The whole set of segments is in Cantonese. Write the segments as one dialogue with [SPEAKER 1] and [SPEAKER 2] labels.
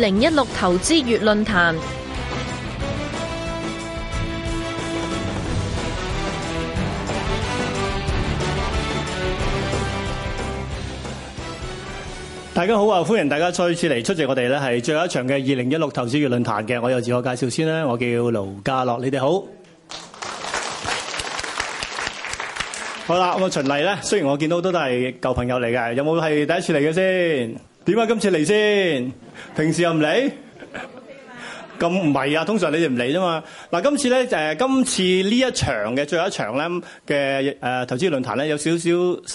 [SPEAKER 1] 二零一六投資月論壇，
[SPEAKER 2] 大家好啊！歡迎大家再次嚟出席我哋咧係最後一場嘅二零一六投資月論壇嘅。我有自我介紹先啦，我叫盧家樂，你哋好。好啦，咁啊，秦麗咧，雖然我見到都都係舊朋友嚟嘅，有冇係第一次嚟嘅先？點解今次嚟先？平時又唔理，咁唔係啊？通常你哋唔理啫嘛。嗱，今次咧，誒，今次呢今次一場嘅最後一場咧嘅誒投資論壇咧，有少少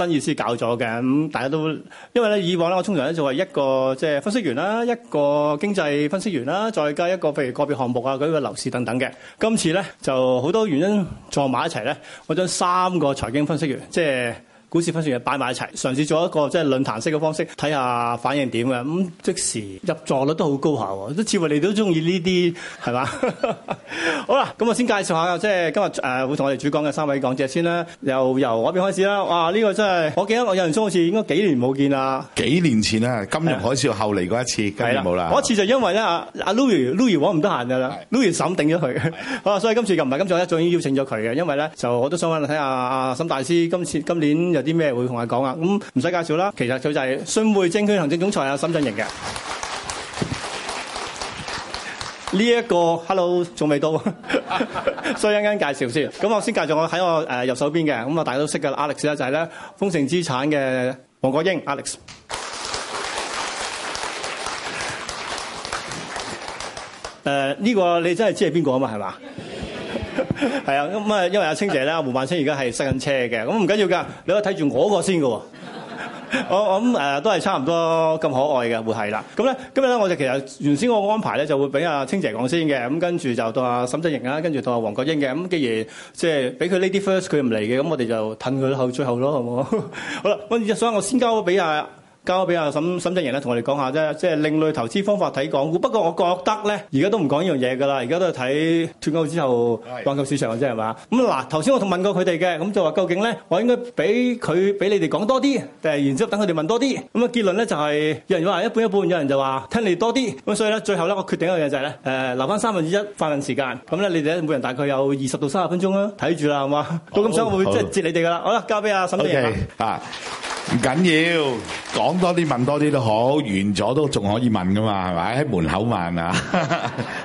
[SPEAKER 2] 新意思搞咗嘅。咁、嗯、大家都因為咧以往咧，我通常咧就係、是、一個即係、就是、分析員啦，一個經濟分析員啦，再加一個譬如個別項目啊，嗰啲個樓市等等嘅。今次咧就好多原因撞埋一齊咧，我將三個財經分析員即係。就是股市分析又擺埋一齊，嘗試做一個即係論壇式嘅方式，睇下反應點嘅咁，即時入座率都好高下、哦、喎，都似乎你都中意呢啲係嘛？ 好啦了，咁我先介紹下即係今日誒、呃、會同我哋主講嘅三位講者先啦，又由我邊開始啦。哇，呢、這個真係我記得我有陣時好似應該幾年冇見啦。
[SPEAKER 3] 幾年前啦、啊，金融海嘯、啊、後嚟嗰一次，跟住冇啦。嗰、啊、次
[SPEAKER 2] 就因為咧、啊、阿阿 Louis Louis 我唔得閒㗎啦 Louis 審定咗佢。好啦， 所以今次就唔係今次一早已邀請咗佢嘅，因為咧就我都想揾嚟睇下阿沈大師今次，今，次，今，次，今，次今年啲咩會同我講啊？咁唔使介紹啦。其實佢就係訊匯證券行政總裁啊，沈振盈嘅。呢一、 這個 Hello 仲未到， 所以陣間介紹先。咁我先介紹我喺我誒右手邊嘅，咁啊大家都識嘅 Alex 咧，就係咧豐盛資產嘅黃國英 Alex。誒呢、 呃這個你真係知係邊個嘛？係嘛？係啊，咁啊，因為阿清姐啦，胡孟青而家係塞緊車嘅，咁唔緊要噶，你都睇住我個先噶、哦， 我我諗誒都係差唔多咁可愛嘅會係啦。咁咧今日咧，我就其實原先我安排咧就會俾阿清姐講先嘅，咁跟住就到阿沈振盈啦，跟住到阿黃國英嘅。咁、嗯、既然即係、就、俾、是、佢 Lady First，佢唔嚟嘅，咁我哋就褪佢後最後咯， 好冇？好啦，我所以我先交咗俾阿。交俾阿沈沈振盈咧，同我哋講下啫，即係另類投資方法睇港股。不過我覺得咧，而家都唔講呢樣嘢噶啦，而家都係睇脫歐之後環球市場嘅啫，係嘛？咁、嗯、嗱，頭先我同問過佢哋嘅，咁、嗯、就話究竟咧，我應該俾佢俾你哋講多啲，定係然之後等佢哋問多啲？咁、嗯、啊結論咧就係、是、有人話一半一半，有人就話聽你多啲。咁所以咧，最後咧，我決定一樣嘢就係咧，誒、呃、留翻三分之一發問時間。咁、嗯、咧，你哋每人大概有二十到三十分鐘啊，睇住啦，係嘛？Oh, 到咁想會即係接你哋噶啦。好啦，交俾阿沈振
[SPEAKER 3] 盈。唔緊要，講多啲問多啲都好，完咗都仲可以問噶嘛，係咪？喺門口問啊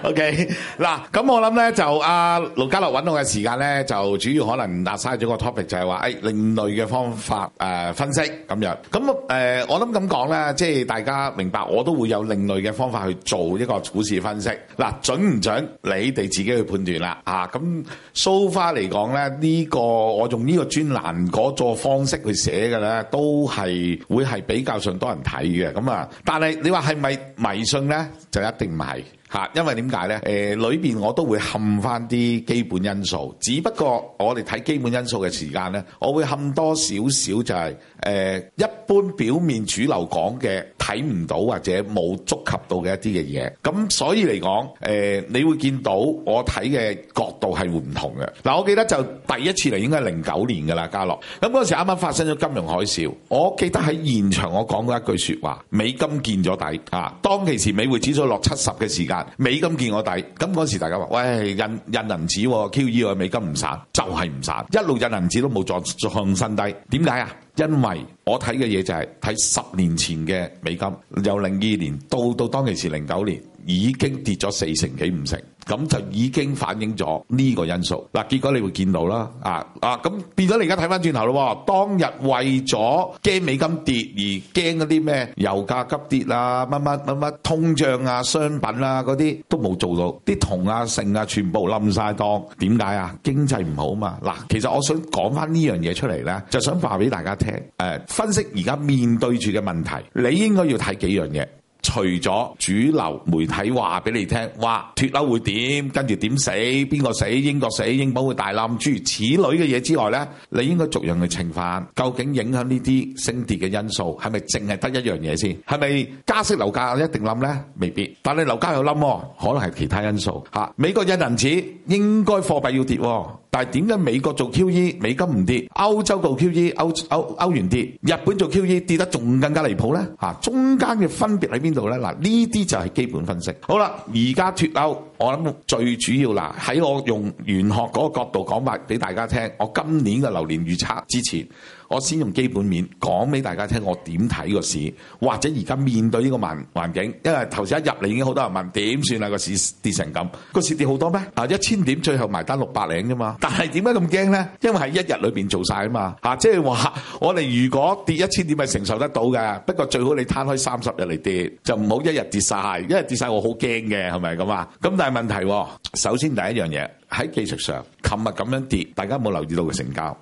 [SPEAKER 3] ？OK，嗱，咁我諗咧就阿盧嘉樂揾我嘅時間咧，就主要可能答曬咗個 topic 就係話誒另類嘅方法誒分析咁樣。咁誒我諗咁講咧，即係大家明白，我都會有另類嘅方法去做一個股市分析。嗱，準唔準，你哋自己去判斷啦嚇。咁 so far 嚟講咧，呢個我用呢個專欄嗰個方式去寫嘅咧都。都係會係比較上多人睇嘅，咁啊，但係你話係咪迷信咧，就一定唔係。嚇，因為點解咧？誒裏邊我都會冚翻啲基本因素，只不過我哋睇基本因素嘅時間咧，我會冚多少少就係、是、誒、呃、一般表面主流講嘅睇唔到或者冇觸及到嘅一啲嘅嘢。咁所以嚟講，誒、呃、你會見到我睇嘅角度係會唔同嘅。嗱，我記得就第一次嚟應該係零九年㗎啦，家樂。咁嗰陣時啱啱發生咗金融海嘯，我記得喺現場我講過一句説話：美金見咗底啊！當其時美匯指數落七十嘅時間。美金見我底，咁嗰時大家話喂印印銀紙，QE 啊美金唔散，就係、是、唔散，一路印銀紙都冇撞創新低，點解啊？因為我睇嘅嘢就係、是、睇十年前嘅美金，由零二年到到當其時零九年，已經跌咗四成幾五成。咁就已經反映咗呢個因素。嗱，結果你會見到啦，啊啊，咁、啊、變咗你而家睇翻轉頭咯。當日為咗驚美金跌而驚嗰啲咩油價急跌啊，乜乜乜乜通脹啊、商品啊嗰啲都冇做到，啲銅啊、銅啊全部冧晒檔。點解啊？經濟唔好嘛。嗱、啊，其實我想講翻呢樣嘢出嚟咧，就想話俾大家聽，誒、啊、分析而家面對住嘅問題，你應該要睇幾樣嘢。除咗主流媒體話俾你聽，哇，脫歐會點，跟住點死，邊個死，英國死，英鎊會大冧，諸如此類嘅嘢之外呢，你應該逐樣去評判，究竟影響呢啲升跌嘅因素係咪淨係得一樣嘢先？係咪加息樓價一定冧呢？未必，但係樓價有冧，可能係其他因素嚇、啊。美國印銀紙應該貨幣要跌、啊。但係點解美國做 QE 美金唔跌，歐洲做 QE 歐歐歐元跌，日本做 QE 跌得仲更加離譜呢？嚇、啊，中間嘅分別喺邊度呢？嗱，呢啲就係基本分析。好啦，而家脫歐，我諗最主要嗱，喺我用玄學嗰個角度講法俾大家聽，我今年嘅流年預測之前。我先用基本面講俾大家聽，我點睇個市，或者而家面對呢個環環境，因為頭先一入嚟已經好多人問點算啊個市跌成咁，個市跌好多咩？啊一千點最後埋單六百零啫嘛，但係點解咁驚咧？因為喺一日裏邊做晒啊嘛，嚇、啊、即係話我哋如果跌一千點係承受得到嘅，不過最好你攤開三十日嚟跌，就唔好一日跌晒。一日跌晒我好驚嘅，係咪咁啊？咁但係問題、啊，首先第一樣嘢喺技術上，琴日咁樣跌，大家冇留意到佢成交。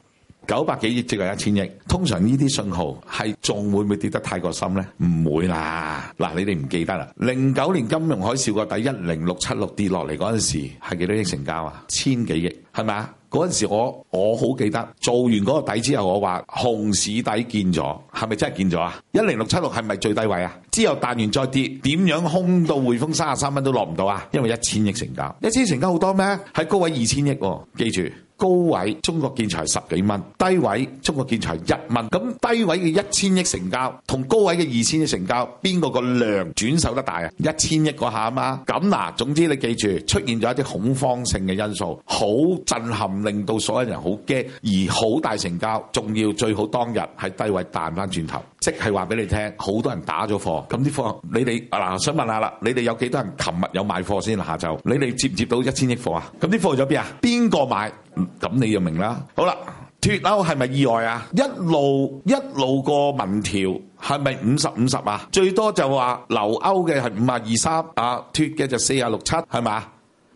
[SPEAKER 3] 九百幾億接近一千億，通常呢啲信號係仲會唔會跌得太過深呢？唔會啦！嗱，你哋唔記得啦，零九年金融海嘯個底一零六七六跌落嚟嗰陣時係幾多億成交啊？千幾億係咪啊？嗰陣時我我好記得，做完嗰個底之後，我話熊市底見咗，係咪真係見咗啊？一零六七六係咪最低位啊？之後彈完再跌，點樣空到匯豐三十三蚊都落唔到啊？因為一千億成交，一千億成交好多咩？係高位二千億喎，記住。高位中國建材十幾蚊，低位中國建材一蚊。咁低位嘅一千億成交，同高位嘅二千億成交，邊個個量轉手得大啊？一千億嗰下嘛。咁嗱、啊，總之你記住，出現咗一啲恐慌性嘅因素，好震撼，令到所有人好驚，而好大成交，仲要最好當日喺低位彈翻轉頭，即係話俾你聽，好多人打咗貨。咁啲貨，你哋嗱、啊，想問下啦，你哋有幾多人琴日有賣貨先？下晝你哋接唔接到一千億貨啊？咁啲貨去咗邊啊？邊個買？咁你就明啦。好啦，脫歐係咪意外啊？一路一路個民調係咪五十五十啊？最多就話留歐嘅係五呀二三啊，脫嘅就四呀六七，係嘛？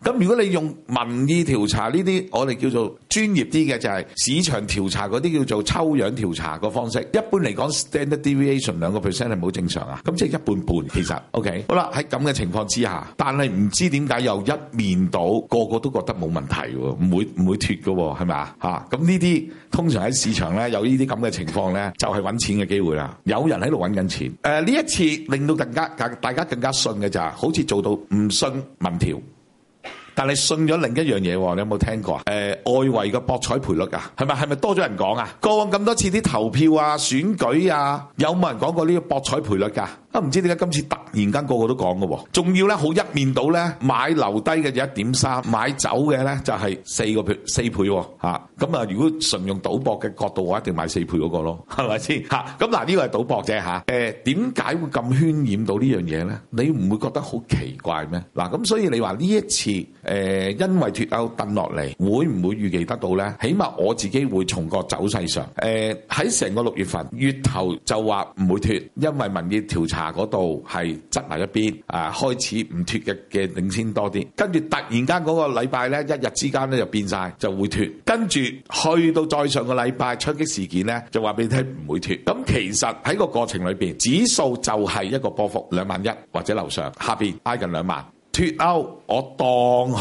[SPEAKER 3] 咁如果你用民意調查呢啲，我哋叫做專業啲嘅，就係、是、市場調查嗰啲叫做抽樣調查個方式。一般嚟講，Standard deviation 兩個 percent 係冇正常啊。咁即係一半半其實 OK 好啦。喺咁嘅情況之下，但係唔知點解又一面倒個個都覺得冇問題，唔會唔會脫嘅係咪啊？嚇咁呢啲通常喺市場咧有呢啲咁嘅情況咧，就係、是、揾錢嘅機會啦。有人喺度揾緊錢誒呢、呃、一次令到更加大大家更加信嘅就係、是、好似做到唔信民調。但你信咗另一樣嘢喎，你有冇聽過？啊？誒，外圍嘅博彩賠率啊，係咪係咪多咗人講啊？過往咁多次啲投票啊、選舉啊，有冇人講過呢個博彩賠率㗎？啊，唔知點解今次突然間個個都講嘅喎，仲要咧好一面倒咧，買留低嘅就一點三，買走嘅咧就係四個倍四倍喎嚇。咁啊，如果純用賭博嘅角度，我一定買四倍嗰個咯，係咪先嚇？咁嗱呢個係賭博啫嚇。誒，點解會咁渲染到呢樣嘢咧？你唔會覺得好奇怪咩？嗱咁，所以你話呢一次誒，因為脱歐燉落嚟，會唔會預期得到咧？起碼我自己會從個走勢上誒，喺成個六月份月頭就話唔會脱，因為民意調查。嗱，嗰度係側埋一邊，啊，開始唔脱嘅嘅領先多啲，跟住突然間嗰個禮拜呢，一日之間呢就變晒，就會脱，跟住去到再上個禮拜槍擊事件呢就話俾你聽唔會脱，咁其實喺個過程裏邊，指數就係一個波幅兩萬一或者樓上下邊挨近兩萬。脱歐，我當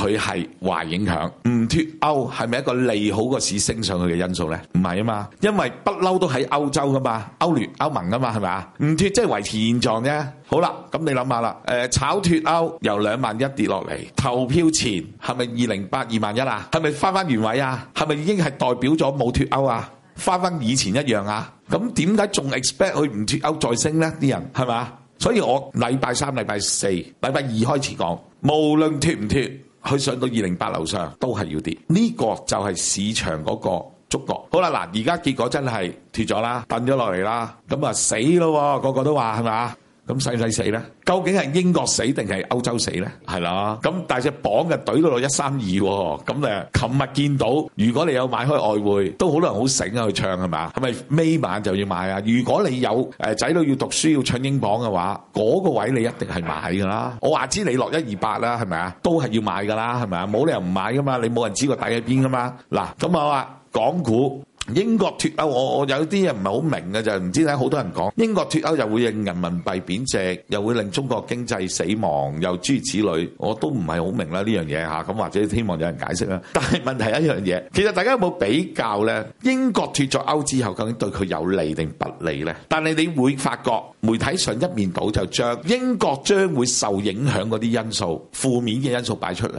[SPEAKER 3] 佢係壞影響；唔脱歐，係咪一個利好個市升上去嘅因素呢？唔係啊嘛，因為不嬲都喺歐洲噶嘛，歐聯、歐盟噶嘛，係咪啊？唔脱即係維持現狀啫。好啦，咁你諗下啦，誒炒脱歐由兩萬一跌落嚟，投票前係咪二零八二萬一啊？係咪翻翻原位啊？係咪已經係代表咗冇脱歐啊？翻翻以前一樣啊？咁點解仲 expect 佢唔脱歐再升呢？啲人係咪？所以我禮拜三、禮拜四、禮拜二開始講。無論脱唔脱，去上到二零八樓上，都係要跌。呢、這個就係市場嗰個觸角。好啦，嗱，而家結果真係脱咗啦，頓咗落嚟啦，咁啊死咯，個個都話係咪。咁使唔使死咧？究竟係英國死定係歐洲死咧？係啦，咁但係隻榜嘅隊嗰度一三二，咁你，琴日見到，如果你有買開外匯，都好多人好醒啊去唱係咪？係咪尾晚就要買啊？如果你有誒仔女要讀書要搶英鎊嘅話，嗰個位你一定係買噶啦。我話知你落一二八啦，係咪啊？都係要買噶啦，係咪啊？冇理由唔買噶嘛，你冇人知個底喺邊噶嘛。嗱，咁我話港股。英國脫歐，我我有啲嘢唔係好明嘅就係唔知睇好多人講英國脫歐又會令人民幣貶值，又會令中國經濟死亡，又諸如此類，我都唔係好明啦呢樣嘢吓，咁或者希望有人解釋啦。但係問題一樣嘢，其實大家有冇比較呢？英國脱咗歐之後，究竟對佢有利定不利呢？但係你會發覺媒體上一面倒，就將英國將會受影響嗰啲因素、負面嘅因素擺出嚟。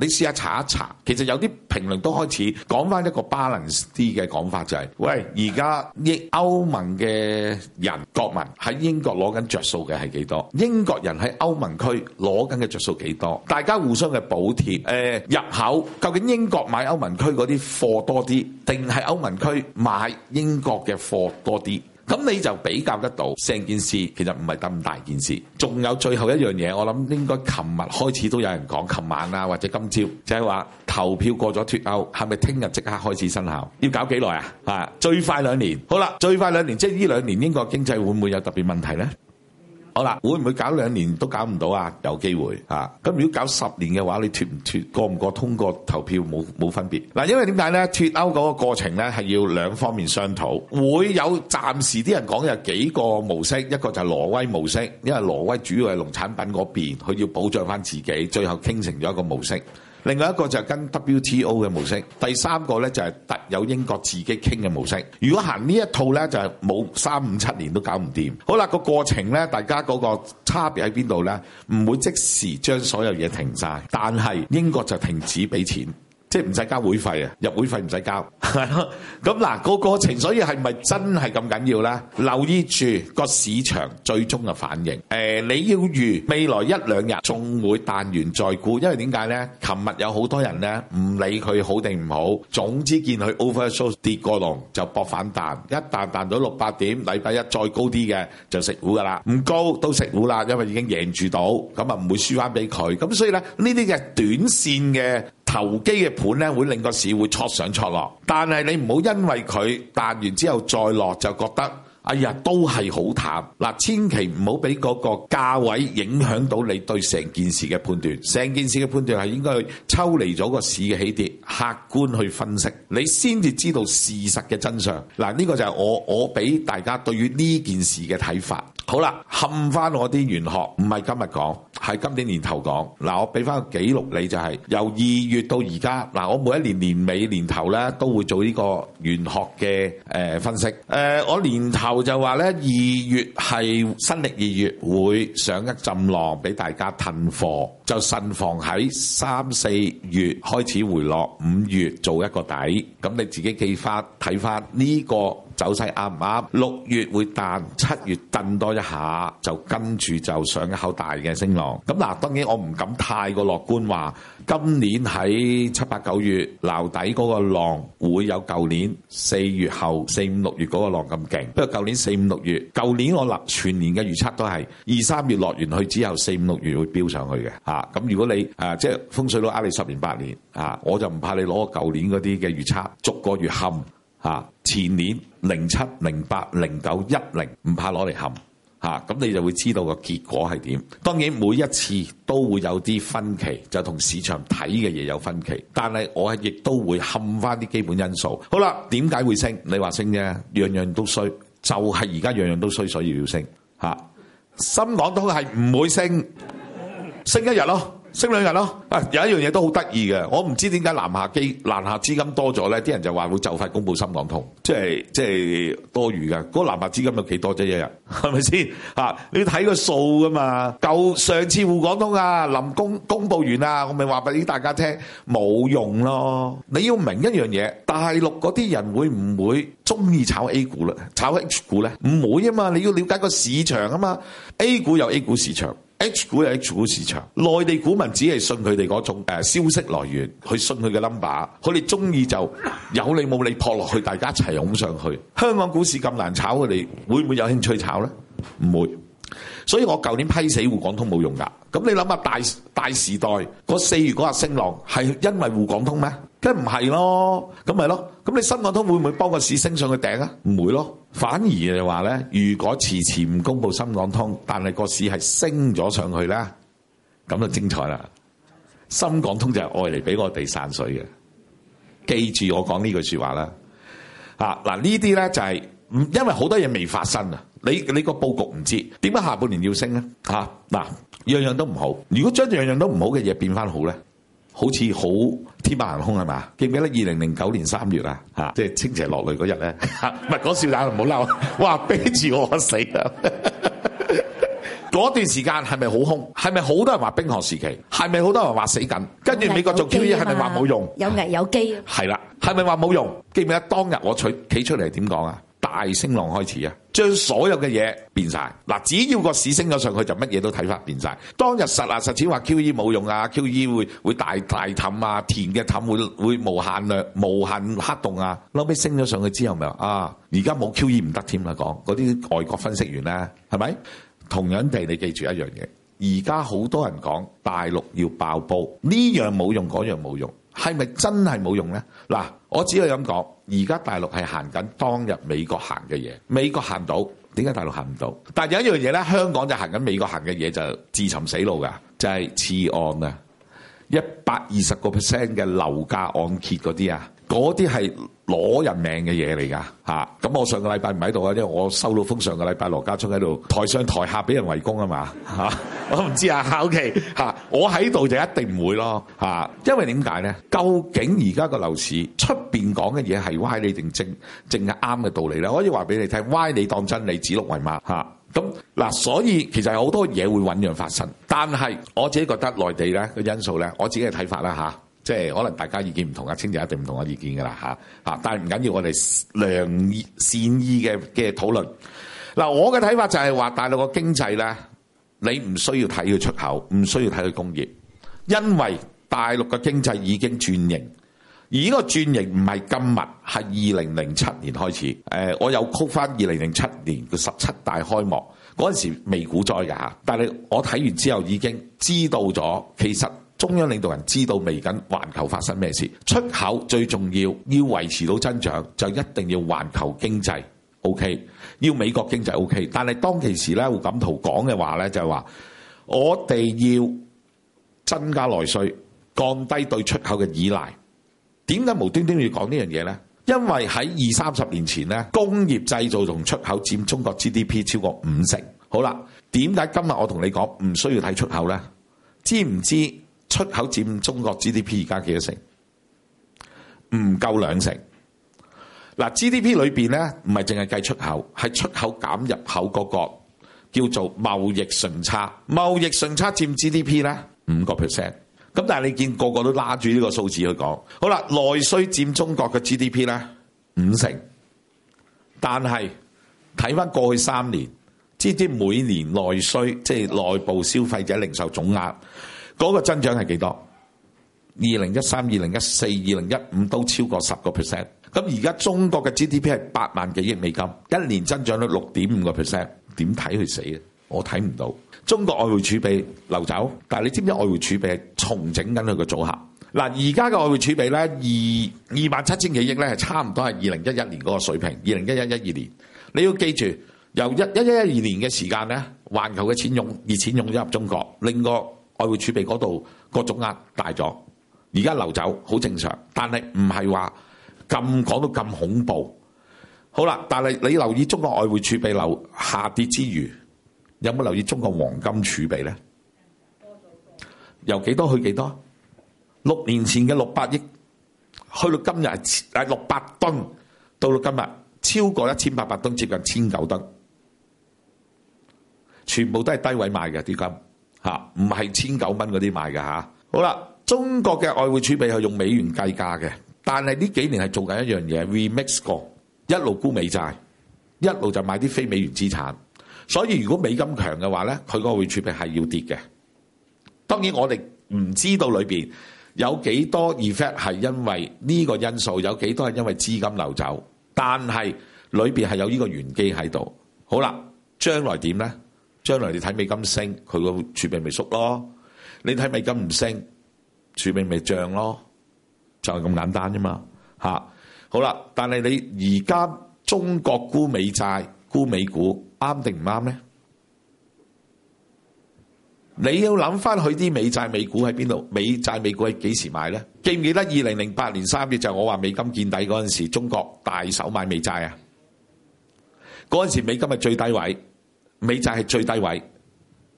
[SPEAKER 3] 你試下查一查，其實有啲評論都開始講翻一個 balance 啲嘅講法，就係、是：喂，而家英歐盟嘅人國民喺英國攞緊着數嘅係幾多？英國人喺歐盟區攞緊嘅着數幾多？大家互相嘅補貼，誒、呃、入口，究竟英國買歐盟區嗰啲貨多啲，定係歐盟區買英國嘅貨多啲？咁你就比較得到成件事其實唔係咁大件事，仲有最後一樣嘢，我諗應該琴日開始都有人講，琴晚啊或者今朝，就係話投票過咗脫歐，係咪聽日即刻開始生效？要搞幾耐啊？啊，最快兩年，好啦，最快兩年，即係呢兩年英國經濟會唔會有特別問題呢？好啦，會唔會搞兩年都搞唔到啊？有機會啊！咁如果搞十年嘅話，你脱唔脱過唔過通過投票冇冇分別？嗱，啊，因為點解呢？脱歐嗰個過程呢，係要兩方面商討，會有暫時啲人講有幾個模式，一個就係挪威模式，因為挪威主要係農產品嗰邊，佢要保障翻自己，最後傾成咗一個模式。另外一個就係跟 WTO 嘅模式，第三個呢就係特有英國自己傾嘅模式。如果行呢一套呢，就係冇三五七年都搞唔掂。好啦，個過程呢，大家嗰個差別喺邊度呢？唔會即時將所有嘢停晒，但係英國就停止俾錢。即係唔使交會費啊！入會費唔使交，係咯。咁嗱個過程，所以係咪真係咁緊要咧？留意住個市場最終嘅反應。誒，你要預未來一兩日仲會彈完再估，因為點解咧？琴日有好多人咧，唔理佢好定唔好，總之見佢 oversold 跌過龍就搏反彈，一彈彈到六百點，禮拜一再高啲嘅就食糊噶啦，唔高都食糊啦，因為已經贏住到，咁啊唔會輸翻俾佢。咁所以咧，呢啲嘅短線嘅，投機嘅盤咧，會令個市會挫上挫落，但係你唔好因為佢彈完之後再落就覺得。哎呀，都係好淡嗱，千祈唔好俾嗰個價位影響到你對成件事嘅判斷。成件事嘅判斷係應該去抽離咗個市嘅起跌，客觀去分析，你先至知道事實嘅真相。嗱，呢個就係我我俾大家對於呢件事嘅睇法。好啦，冚翻我啲玄學，唔係今日講，係今年年頭講。嗱，我俾翻個記錄你，就係由二月到而家嗱，我每一年年尾年頭咧都會做呢個玄學嘅誒分析。誒，我年頭。就話咧，二月係新歷二月會上一陣浪，畀大家囤貨，就慎防喺三四月開始回落，五月做一個底，咁你自己記翻睇翻呢個。走勢啱唔啱？六月會彈，七月震多一下，就跟住就上一口大嘅升浪。咁嗱，當然我唔敢太過樂觀話，今年喺七八九月撈底嗰個浪會有舊年四月後四五六月嗰個浪咁勁。不過舊年四五六月，舊年我立全年嘅預測都係二三月落完去之後，四五六月會飆上去嘅。嚇、啊！咁如果你誒、啊、即係風水佬呃你十年八年啊，我就唔怕你攞個舊年嗰啲嘅預測逐個月冚。啊！前年零七、零八、零九、一零，唔怕攞嚟冚吓，咁你就會知道個結果係點。當然每一次都會有啲分歧，就同市場睇嘅嘢有分歧。但係我亦都會冚翻啲基本因素。好啦，點解會升？你話升啫，樣樣都衰，就係而家樣樣都衰，所以要升。吓，深港都係唔會升， 升一日咯。升兩日咯！啊，有一樣嘢都好得意嘅，我唔知點解南下基南下資金多咗咧，啲人就話會就快公布深港通，即係即係多餘嘅。嗰、那個、南下資金有幾多啫？一日係咪先？嚇、啊，你睇個數噶嘛。舊上次滬港通啊，臨公公布完啊，我咪話俾大家聽，冇用咯。你要明一樣嘢，大陸嗰啲人會唔會中意炒 A 股咧？炒 H 股咧？唔會啊嘛。你要了解個市場啊嘛。A 股有 A 股市場。H 股有 H 股市場，內地股民只係信佢哋嗰種誒消息來源，去信佢嘅 number，佢哋鍾意就有你冇你撲落去，大家一齊擁上去。香港股市咁難炒，佢哋會唔會有興趣炒咧？唔會，所以我舊年批死滬港通冇用㗎。咁你諗下大大時代嗰四月嗰日升浪係因為滬港通咩？梗唔係咯，咁咪咯，咁你深港通會唔會幫個市升上去頂啊？唔會咯，反而就話咧，如果遲遲唔公布深港通，但係個市係升咗上去咧，咁就精彩啦。深港通就係愛嚟俾我哋散水嘅，記住我講呢句説話啦。嚇嗱呢啲咧就係、唔，因為好多嘢未發生啊，你你個佈局唔知點解下半年要升咧嚇嗱，樣樣都唔好，如果將樣樣都唔好嘅嘢變翻好咧？好似好天馬行空係嘛？記唔記得二零零九年三月啊，嚇即係傾斜落淚嗰日咧，唔係講笑，打唔好嬲，哇逼住我，我死啊！嗰 段時間係咪好空？係咪好多人話冰河時期？係咪好多人話死緊？跟住美國做 QE 係咪話冇用？
[SPEAKER 1] 有危有機
[SPEAKER 3] 啊！係啦，係咪話冇用？記唔記得當日我取企出嚟點講啊？大升浪開始啊！將所有嘅嘢變晒。嗱，只要個市升咗上去，就乜嘢都睇法變晒。當日實啊實踐話 QE 冇用啊，QE 會會大大氹啊，填嘅氹會會無限量無限黑洞啊。後尾升咗上去之後咪啊，而家冇 QE 唔得添啦。講嗰啲外國分析員咧，係咪同樣地？你記住一樣嘢，而家好多人講大陸要爆煲，呢樣冇用，嗰樣冇用，係咪真係冇用咧？嗱、啊，我只係咁講。而家大陸係行緊當日美國行嘅嘢，美國行到，點解大陸行唔到？但係有一樣嘢咧，香港就行緊美國行嘅嘢，就自尋死路㗎，就係、是、黐案啊！一百二十個 percent 嘅樓價按揭嗰啲啊，嗰啲係攞人命嘅嘢嚟㗎嚇。咁我上個禮拜唔喺度啊，因為我收到風上個禮拜羅家聰喺度台上台下俾人圍攻嘛啊嘛嚇，我都唔知啊。O K 嚇，我喺度就一定唔會咯嚇、啊，因為點解咧？究竟而家個樓市出邊講嘅嘢係歪理定正，正正係啱嘅道理咧？可以話俾你聽，歪理當真理，指鹿為馬嚇。啊咁嗱，所以其實好多嘢會醞釀發生，但係我自己覺得內地咧嘅因素咧，我自己嘅睇法啦吓、啊，即係可能大家意見唔同，清同見啊，青姐一定唔同我意見噶啦吓，嚇，但係唔緊要，我哋良善意嘅嘅討論。嗱、啊，我嘅睇法就係話大陸嘅經濟咧，你唔需要睇佢出口，唔需要睇佢工業，因為大陸嘅經濟已經轉型。而呢個轉型唔係今日，係二零零七年開始。誒、呃，我有曲翻二零零七年嘅十七大開幕嗰陣時未股災㗎，但係我睇完之後已經知道咗，其實中央領導人知道未緊環球發生咩事。出口最重要，要維持到增長，就一定要環球經濟 OK，要美國經濟 OK。但係當其時咧，胡錦濤講嘅話咧，就係、是、話我哋要增加內稅，降低對出口嘅依賴。點解無端端要講呢樣嘢呢？因為喺二三十年前呢，工業製造同出口佔中國 GDP 超過五成。好啦，點解今日我同你講唔需要睇出口呢？知唔知出口佔中國 GDP 而家幾多成？唔夠兩成。嗱，GDP 裏邊呢，唔係淨係計出口，係出口減入口嗰個叫做貿易順差。貿易順差佔 GDP 呢，五個 percent。咁但係你見個個都拉住呢個數字去講，好啦，內需佔中國嘅 GDP 咧五成，但係睇翻過去三年，知唔知每年內需即係內部消費者零售總額嗰個增長係幾多？二零一三、二零一四、二零一五都超過十個 percent。咁而家中國嘅 GDP 係八萬幾億美金，一年增長率六點五個 percent，點睇去死啊！我睇唔到中國外匯儲備流走，但係你知唔知外匯儲備係重整緊佢個組合嗱？而家嘅外匯儲備呢，二二萬七千幾億呢，係差唔多係二零一一年嗰個水平，二零一一一二年。你要記住，由一一一一二年嘅時間呢，環球嘅錢用熱錢用咗入中國，令個外匯儲備嗰度個總額大咗，而家流走好正常，但係唔係話咁講到咁恐怖。好啦，但係你留意中國外匯儲備流下跌之餘。有冇留意中國黃金儲備咧？由幾多去幾多？六年前嘅六百億，去到今日係六百噸，到到今日超過一千八百噸，接近千九噸。全部都係低位賣嘅啲金，嚇唔係千九蚊嗰啲賣嘅嚇。好啦，中國嘅外匯儲備係用美元計價嘅，但係呢幾年係做緊一樣嘢，remix 過，一路沽美債，一路就買啲非美元資產。所以如果美金強嘅話咧，佢個匯儲備係要跌嘅。當然我哋唔知道裏邊有幾多 effect 係因為呢個因素，有幾多係因為資金流走，但係裏邊係有呢個玄機喺度。好啦，將來點咧？將來你睇美金升，佢個儲備咪縮咯；你睇美金唔升，儲備咪漲咯，就係咁簡單啫嘛。嚇好啦，但係你而家中國沽美債、沽美股。啱定唔啱呢？你要諗翻佢啲美債美股喺邊度？美債美股喺幾時買呢？記唔記得二零零八年三月就我話美金見底嗰陣時，中國大手買美債啊！嗰陣時美金係最低位，美債係最低位。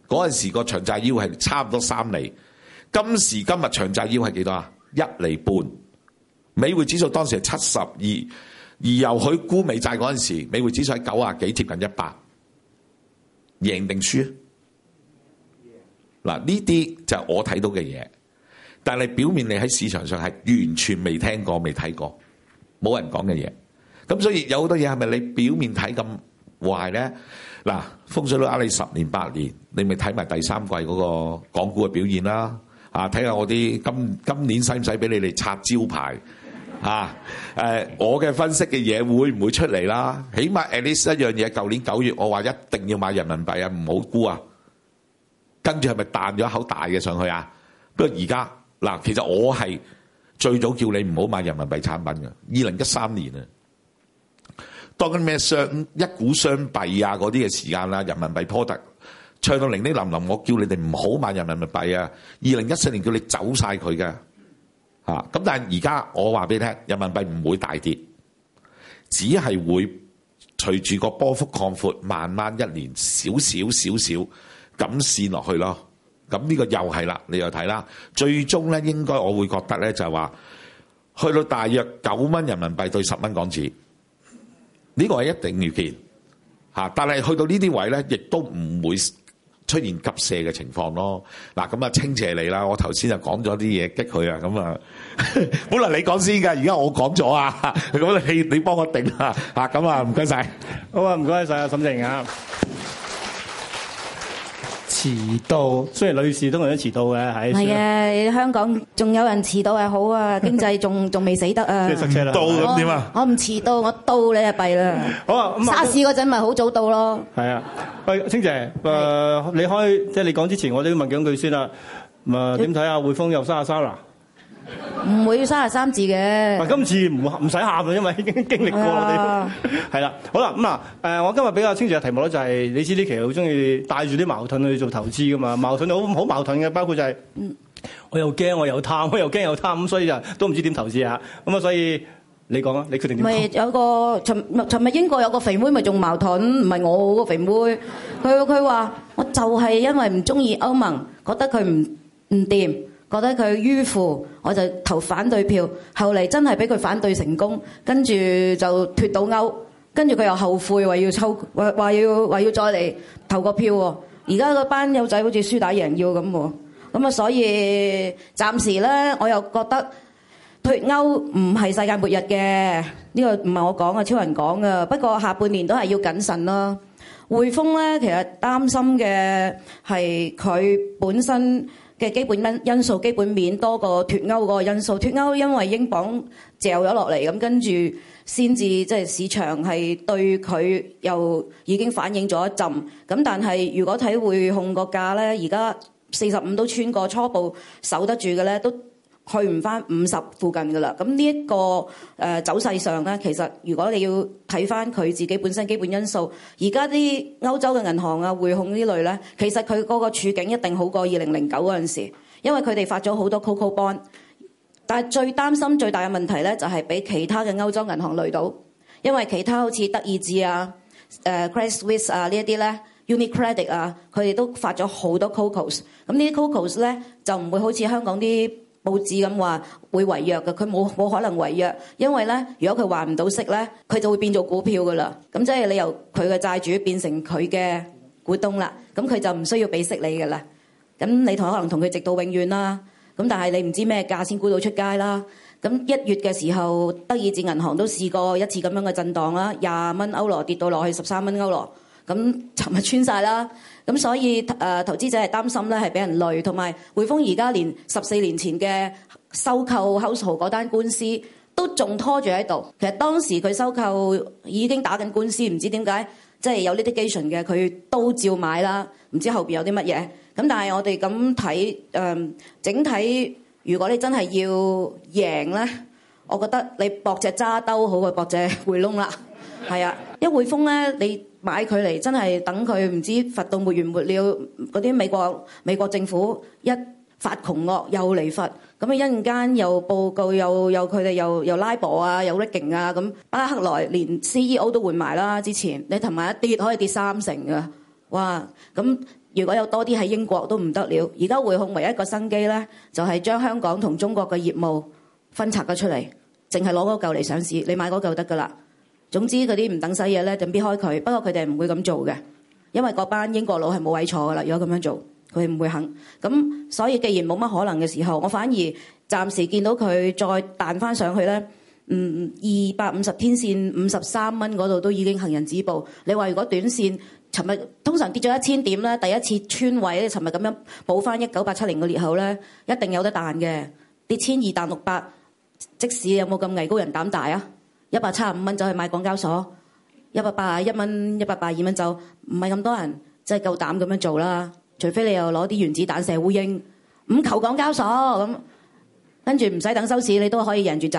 [SPEAKER 3] 嗰陣時個長債腰係差唔多三厘，今時今日長債腰係幾多啊？一厘半。美匯指數當時係七十二，而由佢沽美債嗰陣時，美匯指數喺九啊幾，接近一百。贏定輸？嗱，呢啲就係我睇到嘅嘢，但係表面你喺市場上係完全未聽過、未睇過，冇人講嘅嘢。咁所以有好多嘢係咪你表面睇咁壞咧？嗱，風水佬呃，你十年八年，你咪睇埋第三季嗰個港股嘅表現啦。啊，睇下我啲今今年使唔使俾你哋拆招牌？啊！誒、呃，我嘅分析嘅嘢會唔會出嚟啦？起碼 at least 一樣嘢，舊年九月我話一定要買人民幣啊，唔好沽啊！跟住係咪彈咗一口大嘅上去啊？不過而家嗱，其實我係最早叫你唔好買人民幣產品嘅，二零一三年啊，當緊咩雙一股雙幣啊嗰啲嘅時間啦，人民幣 product 唱到零呢。林林，我叫你哋唔好買人民幣啊！二零一四年叫你走晒佢嘅。咁但係而家我話俾你聽，人民幣唔會大跌，只係會隨住個波幅擴闊，慢慢一年少少少少咁線落去咯。咁呢個又係啦，你又睇啦。最終咧，應該我會覺得咧就係話，去到大約九蚊人民幣對十蚊港紙，呢個係一定要見吓。但係去到呢啲位咧，亦都唔會。出現急射嘅情況咯，嗱，咁啊清謝你啦，我頭先就講咗啲嘢激佢啊，咁啊，本來你講先㗎，而家我講咗啊，咁 你你幫我頂啊，啊咁啊唔該晒，好啊，唔該晒啊沈振盈。
[SPEAKER 2] 遲到，雖然女士都係都遲到嘅喺。係啊，
[SPEAKER 1] 的了香港仲有人遲到係好啊，經濟仲仲未死得啊。即係 塞車啦，到咁點啊？我唔 遲到，我到你就弊啦。 好啊，沙士嗰陣咪好早到咯。
[SPEAKER 2] 係啊， 喂、哎，清姐，誒的、呃，你開即係你講之前，我都要問幾句先啦。咁啊的，點睇啊？匯豐又沙沙啦。
[SPEAKER 1] 唔會要三十三字嘅。咪
[SPEAKER 2] 今次唔唔使喊啦，因為已經經歷過啦。係啦，好啦咁嗱，誒，我今日比較清楚嘅題目咧就係，你知呢期好中意帶住啲矛盾去做投資噶嘛，矛盾好好矛盾嘅，包括就係，嗯，我又驚我又貪，我又驚又貪，咁所以就都唔知點投資吓。咁啊，所以你講啊，你決定點？咪
[SPEAKER 1] 有個尋尋日英國有個肥妹咪仲矛盾，唔係我個肥妹，佢佢話我就係因為唔中意歐盟，覺得佢唔唔掂。覺得佢迂腐，我就投反對票。後嚟真係俾佢反對成功，跟住就脫到歐，跟住佢又後悔話要抽，話話要話要再嚟投個票喎。而家個班友仔好似輸打贏要咁喎。咁啊，所以暫時咧，我又覺得脫歐唔係世界末日嘅，呢個唔係我講嘅，超人講嘅。不過下半年都係要謹慎咯。匯豐咧，其實擔心嘅係佢本身，嘅基本因因素，基本面多過脫歐個因素，脫歐因為英鎊掉咗落嚟，咁跟住先至即係市場係對佢又已經反映咗一陣。咁但係如果睇匯控個價咧，而家四十五都穿過，初步守得住嘅咧都。去唔翻五十附近㗎啦。咁、這個呃、呢一個誒走勢上咧，其實如果你要睇翻佢自己本身基本因素，而家啲歐洲嘅銀行啊、匯控類呢類咧，其實佢嗰個處境一定好過二零零九嗰陣時，因為佢哋發咗好多 coco bond。Co ond, 但係最擔心最大嘅問題咧，就係、是、俾其他嘅歐洲銀行累到，因為其他好似德意志啊、誒 Credit Suisse 啊呢一啲咧、UniCredit 啊，佢哋、啊、都發咗好多 coco 咁 co co co 呢啲 coco 咧，就唔會好似香港啲。報紙咁話會違約嘅，佢冇冇可能違約，因為咧，如果佢還唔到息咧，佢就會變做股票噶啦。咁即係你由佢嘅債主變成佢嘅股東啦。咁佢就唔需要俾息你噶啦。咁你可能同佢直到永遠啦。咁但係你唔知咩價先沽到出街啦。咁一月嘅時候，德意志銀行都試過一次咁樣嘅震盪啦，廿蚊歐羅跌到落去十三蚊歐羅。咁尋日穿晒啦，咁、嗯、所以誒、呃、投資者係擔心咧，係俾人累，同埋匯豐而家連十四年前嘅收購 Household 嗰單官司都仲拖住喺度。其實當時佢收購已經打緊官司，唔知點解即係有呢啲機緣嘅，佢都照買啦。唔知後邊有啲乜嘢？咁、嗯、但係我哋咁睇誒整體，如果你真係要贏咧，我覺得你博隻揸兜好過博隻匯窿啦。係啊，因為匯豐咧你。買佢嚟，真係等佢唔知罰到沒完沒了。嗰啲美國美國政府一發窮惡又嚟罰，咁啊一陣間又報告又又佢哋又又拉布啊，又叻勁啊，咁巴克萊連 CEO 都換埋啦。之前你同埋一跌可以跌三成㗎！哇！咁如果有多啲喺英國都唔得了。而家匯控唯一,一個新機咧，就係、是、將香港同中國嘅業務分拆咗出嚟，淨係攞嗰嚿嚟上市，你買嗰嚿得㗎啦。總之嗰啲唔等使嘢咧，就唔必開佢。不過佢哋唔會咁做嘅，因為嗰班英國佬係冇位坐噶啦。如果咁樣做，佢唔會肯。咁所以既然冇乜可能嘅時候，我反而暫時見到佢再彈翻上去咧，嗯二百五十天線五十三蚊嗰度都已經行人止步。你話如果短線尋日通常跌咗一千點咧，第一次穿位尋日咁樣補翻一九八七年嘅裂口咧，一定有得彈嘅。跌千二彈六百，即使有冇咁危高人膽大啊？一百七十五蚊就去買港交所，一百八一蚊，一百八二蚊走，唔係咁多人，即係夠膽咁樣做啦。除非你又攞啲原子彈射烏蠅，唔求港交所咁，跟住唔使等收市，你都可以贏住走。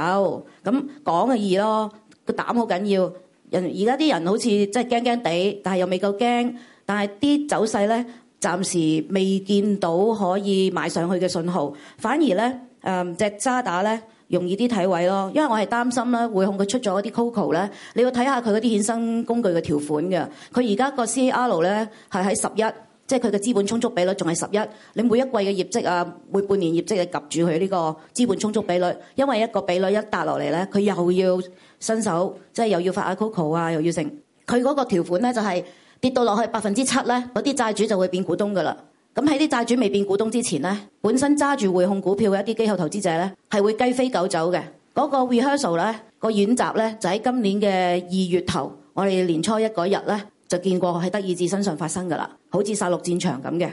[SPEAKER 1] 咁講嘅易咯，個膽好緊要。人而家啲人好似即係驚驚地，但係又未夠驚。但係啲走勢咧，暫時未見到可以買上去嘅信號，反而咧誒隻渣打咧。容易啲睇位咯，因為我係擔心咧，匯控佢出咗一啲 coco 咧，你要睇下佢嗰啲衍生工具嘅條款嘅。佢而家個 CAR 咧係喺十一，即係佢嘅資本充足比率仲係十一。你每一季嘅業績啊，每半年業績啊，及住佢呢個資本充足比率，因為一個比率一達落嚟咧，佢又要伸手，即係又要發下 coco 啊，又要剩。佢嗰個條款咧就係跌到落去百分之七咧，嗰啲債主就會變股東噶啦。咁喺啲債主未變股東之前呢，本身揸住匯控股票嘅一啲機構投資者呢，係會雞飛狗走嘅。嗰個 Rehearsal 咧，個演習呢，那個、呢，就喺今年嘅二月頭，我哋年初一嗰日呢，就見過喺德意志身上發生㗎啦，好似殺戮戰場咁嘅。